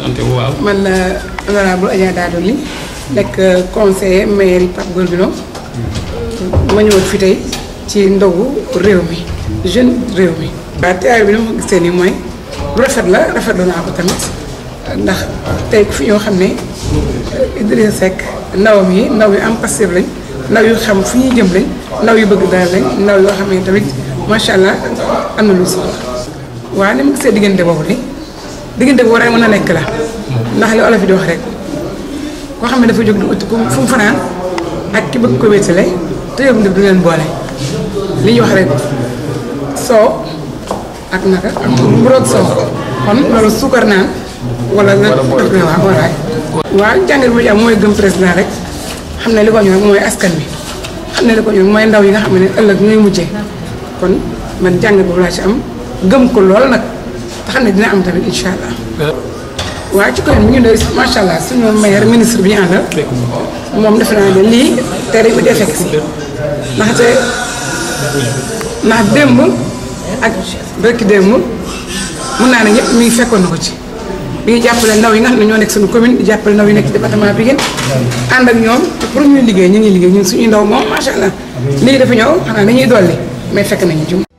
présenté wu man la euh, honorable Adja Dado li nekk euh, conseiller maire Pape Golbino mm-hmm. ma ñëwoon fi tey ci ndogu réew mi jeune réew mi. waaw teewaay bi ni ma gisee nii mooy lu rafet la rafetlu naa tamit ndax tey fi ñoo xam ne Idrissa Seck ndawam yi ndaw yu am passif lañ ndaw yu xam fu ñuy jëm lañ yu bëgg daal lañ ndaw xam ne tamit macha allah am na lu soxla waaw ni ma diggante boobu nii. diggante bu war mën a nekk la ndax li olof di wax rek koo xam ne dafa jóg di uti ku fu mu fanaan ak ki bëgg ko wéetale te yóbbu du leen boole wax rek soow ak naka ak kon loolu suukar naan wala la waaw waraay waaw am mooy gëm président rek xam ne li ko ñor mooy askan bi xam ne li mooy ndaw yi nga xam ne ëllëg ñooy mujje kon man jàngat boobu laa ci am gëm ko lool nag xam ne dina am tamit incha allah. waaw ci commune bi ñu doon macha allah suñu maire ministre bi ñu àndal. moom defe naa ne lii tere bi day fekk si. ndaxte ndax démb ak bëkk démb mun naa ne ñëpp mi ngi fekkoon na ko ci. bi ñu jàppale ndaw yi nga xam ne ñoo nekk suñu commune di jàppale ndaw yi nekk ci département Pikine ànd ak ñoom te pour ñuy liggéey ñu ngi liggéey ñu suñu ndaw moom macha allah lii dafa ñëw xanaa dañuy dolli mais fekk nañu jum